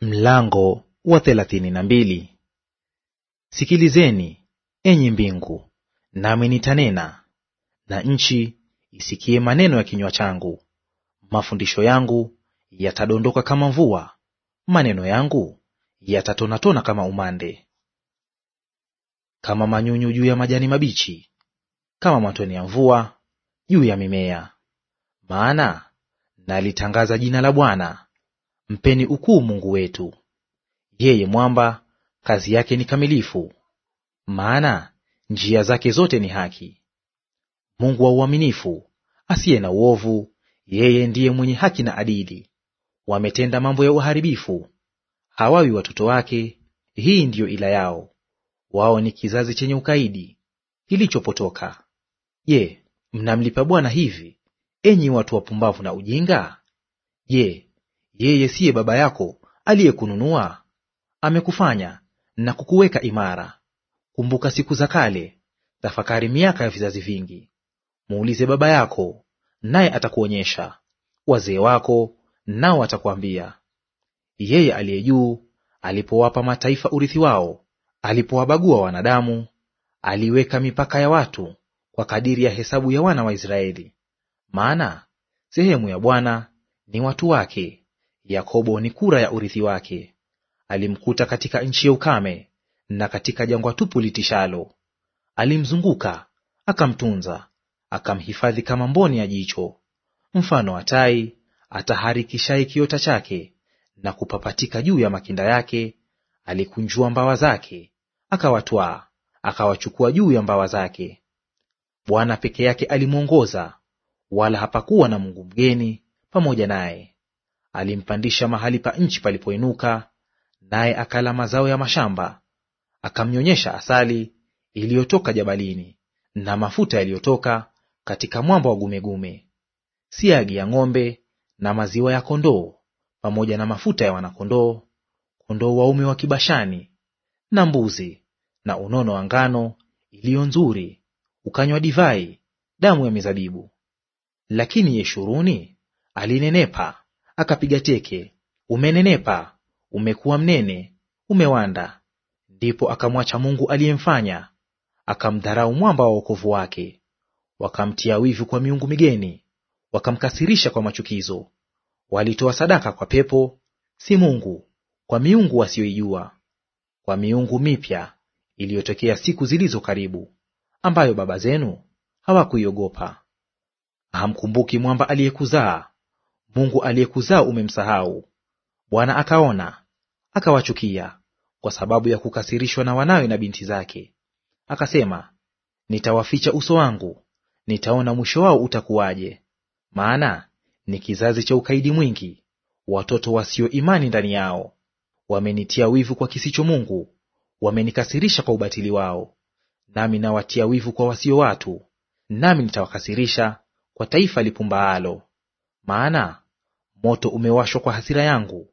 Mlango wa thelathini na mbili. Sikilizeni enyi mbingu, nami nitanena, na nchi isikie maneno ya kinywa changu. Mafundisho yangu yatadondoka kama mvua, maneno yangu yatatonatona kama umande, kama manyunyu juu ya majani mabichi, kama matone ya mvua juu ya mimea. Maana nalitangaza jina la Bwana Mpeni ukuu Mungu wetu. Yeye mwamba, kazi yake ni kamilifu, maana njia zake zote ni haki. Mungu wa uaminifu, asiye na uovu, yeye ndiye mwenye haki na adili. Wametenda mambo ya uharibifu, hawawi watoto wake, hii ndiyo ila yao. Wao ni kizazi chenye ukaidi kilichopotoka. Je, mnamlipa Bwana hivi, enyi watu wapumbavu na ujinga? Je, yeye siye baba yako aliyekununua? Amekufanya na kukuweka imara. Kumbuka siku za kale, tafakari miaka ya vizazi vingi. Muulize baba yako, naye atakuonyesha, wazee wako nao atakuambia. Yeye aliye juu alipowapa mataifa urithi wao, alipowabagua wanadamu, aliweka mipaka ya watu kwa kadiri ya hesabu ya wana wa Israeli. Maana sehemu ya Bwana ni watu wake, Yakobo ni kura ya urithi wake. Alimkuta katika nchi ya ukame na katika jangwa tupu litishalo. Alimzunguka, akamtunza, akamhifadhi kama mboni ya jicho. Mfano wa tai ataharikishaye kiota chake na kupapatika juu ya makinda yake, alikunjua mbawa zake, akawatwaa, akawachukua juu ya mbawa zake. Bwana peke yake alimwongoza, wala hapakuwa na mungu mgeni pamoja naye alimpandisha mahali pa nchi palipoinuka, naye akala mazao ya mashamba, akamnyonyesha asali iliyotoka jabalini na mafuta yaliyotoka katika mwamba wa gumegume, siagi ya ng'ombe na maziwa ya kondoo, pamoja na mafuta ya wanakondoo, kondoo waume wa Kibashani na mbuzi, na unono wa ngano iliyo nzuri, ukanywa divai, damu ya mizabibu. Lakini Yeshuruni alinenepa akapiga teke, umenenepa, umekuwa mnene, umewanda. Ndipo akamwacha Mungu aliyemfanya, akamdharau mwamba wa wokovu wake. Wakamtia wivu kwa miungu migeni, wakamkasirisha kwa machukizo. Walitoa sadaka kwa pepo, si Mungu, kwa miungu wasiyoijua, kwa miungu mipya iliyotokea siku zilizo karibu, ambayo baba zenu hawakuiogopa. Hamkumbuki mwamba aliyekuzaa Mungu aliyekuzaa umemsahau. Bwana akaona, akawachukia kwa sababu ya kukasirishwa na wanawe na binti zake. Akasema, nitawaficha uso wangu, nitaona mwisho wao utakuwaje. Maana ni kizazi cha ukaidi mwingi, watoto wasio imani ndani yao. Wamenitia wivu kwa kisicho Mungu, wamenikasirisha kwa ubatili wao. Nami nawatia wivu kwa wasio watu, nami nitawakasirisha kwa taifa lipumbaalo. Maana moto umewashwa kwa hasira yangu,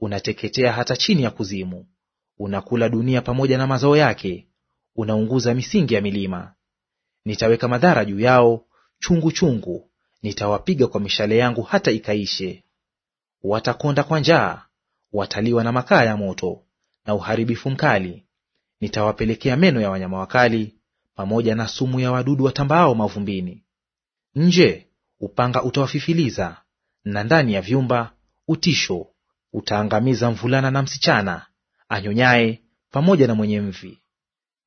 unateketea hata chini ya kuzimu, unakula dunia pamoja na mazao yake, unaunguza misingi ya milima. Nitaweka madhara juu yao chungu chungu, nitawapiga kwa mishale yangu hata ikaishe. Watakonda kwa njaa, wataliwa na makaa ya moto na uharibifu mkali. Nitawapelekea meno ya wanyama wakali pamoja na sumu ya wadudu watambaao mavumbini. Nje Upanga utawafifiliza, na ndani ya vyumba utisho; utaangamiza mvulana na msichana, anyonyaye pamoja na mwenye mvi.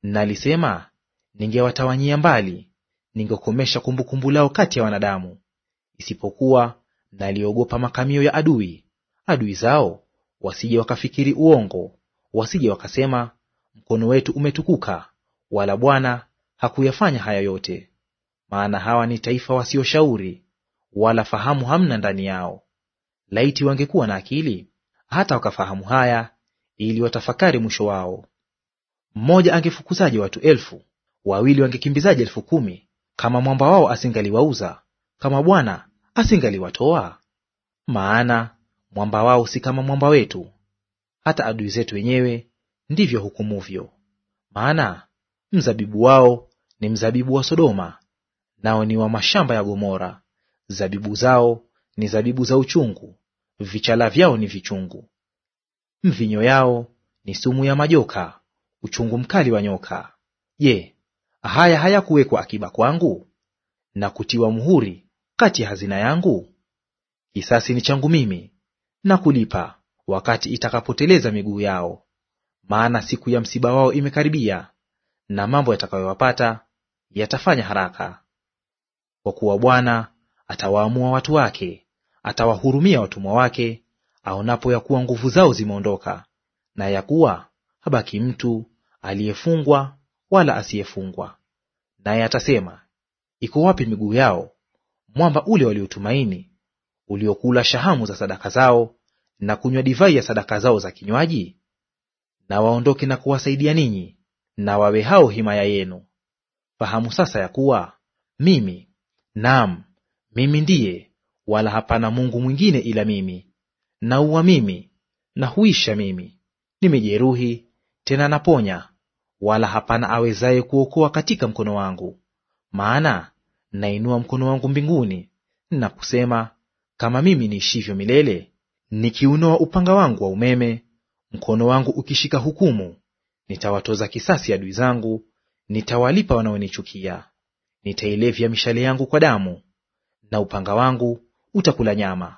Nalisema, ningewatawanyia mbali, ningekomesha kumbukumbu lao kati ya wanadamu. Isipokuwa naliogopa makamio ya adui, adui zao wasije wakafikiri uongo, wasije wakasema, mkono wetu umetukuka, wala Bwana hakuyafanya haya yote. Maana hawa ni taifa wasioshauri, wala fahamu hamna ndani yao. Laiti wangekuwa na akili, hata wakafahamu haya, ili watafakari mwisho wao. Mmoja angefukuzaje watu elfu, wawili wangekimbizaje elfu kumi, kama mwamba wao asingaliwauza, kama Bwana asingaliwatoa? Maana mwamba wao si kama mwamba wetu, hata adui zetu wenyewe ndivyo hukumuvyo. Maana mzabibu wao ni mzabibu wa Sodoma, nao ni wa mashamba ya Gomora. Zabibu zao ni zabibu za uchungu, vichala vyao ni vichungu. Mvinyo yao ni sumu ya majoka, uchungu mkali wa nyoka. Je, haya hayakuwekwa akiba kwangu na kutiwa muhuri kati ya hazina yangu? Kisasi ni changu mimi na kulipa wakati itakapoteleza miguu yao, maana siku ya msiba wao imekaribia, na mambo yatakayowapata yatafanya haraka. Kwa kuwa Bwana atawaamua watu wake, atawahurumia watumwa wake, aonapo ya kuwa nguvu zao zimeondoka, na ya kuwa habaki mtu aliyefungwa wala asiyefungwa. Naye atasema, iko wapi miguu yao, mwamba ule waliotumaini, uliokula shahamu za sadaka zao na kunywa divai ya sadaka zao za kinywaji? Na waondoke na kuwasaidia ninyi, na wawe hao himaya yenu. Fahamu sasa ya kuwa mimi, naam mimi ndiye, wala hapana Mungu mwingine ila mimi. Naua mimi na huisha mimi; nimejeruhi tena naponya, wala hapana awezaye kuokoa katika mkono wangu. Maana nainua mkono wangu mbinguni na kusema, kama mimi niishivyo milele, nikiunoa upanga wangu wa umeme, mkono wangu ukishika hukumu, nitawatoza kisasi adui zangu, nitawalipa wanaonichukia. Nitailevya mishale yangu kwa damu, na upanga wangu utakula nyama,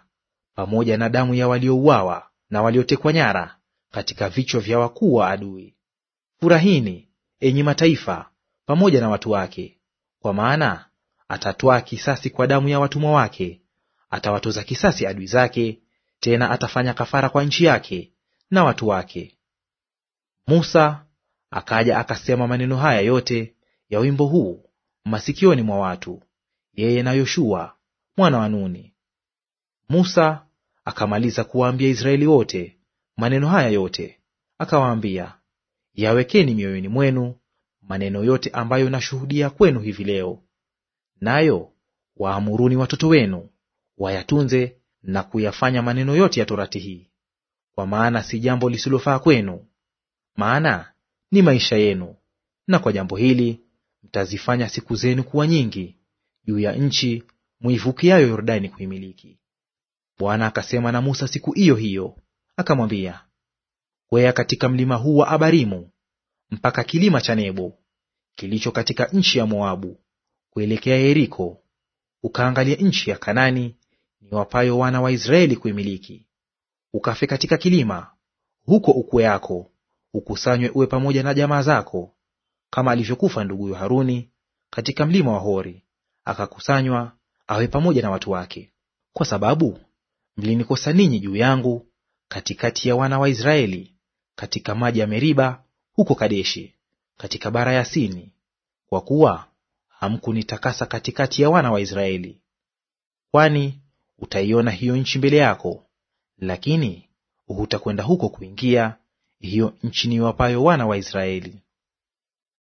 pamoja na damu ya waliouawa na waliotekwa nyara katika vichwa vya wakuu wa adui. Furahini enyi mataifa, pamoja na watu wake, kwa maana atatwaa kisasi kwa damu ya watumwa wake, atawatoza kisasi adui zake, tena atafanya kafara kwa nchi yake na watu wake. Musa akaja akasema maneno haya yote ya wimbo huu masikioni mwa watu, yeye na Yoshua mwana wa Nuni. Musa akamaliza kuwaambia Israeli wote maneno haya yote, akawaambia, yawekeni mioyoni mwenu maneno yote ambayo nashuhudia kwenu hivi leo, nayo waamuruni watoto wenu wayatunze na kuyafanya maneno yote ya torati hii, kwa maana si jambo lisilofaa kwenu, maana ni maisha yenu, na kwa jambo hili mtazifanya siku zenu kuwa nyingi juu ya nchi muivukiayo Yordani kuimiliki. Bwana akasema na Musa siku hiyo hiyo, akamwambia, kwea katika mlima huu wa Abarimu mpaka kilima cha Nebo kilicho katika nchi ya Moabu kuelekea Yeriko, ukaangalia nchi ya Kanani ni wapayo wana wa Israeli kuimiliki. Ukafe katika kilima huko, ukwe yako ukusanywe, uwe pamoja na jamaa zako, kama alivyokufa nduguyo Haruni katika mlima wa Hori, akakusanywa awe pamoja na watu wake, kwa sababu mlinikosa ninyi juu yangu katikati ya wana wa Israeli, katika maji ya Meriba huko Kadeshi, katika bara ya Sini, kwa kuwa hamkunitakasa katikati ya wana wa Israeli. Kwani utaiona hiyo nchi mbele yako, lakini hutakwenda huko kuingia hiyo nchi niwapayo wana wa Israeli.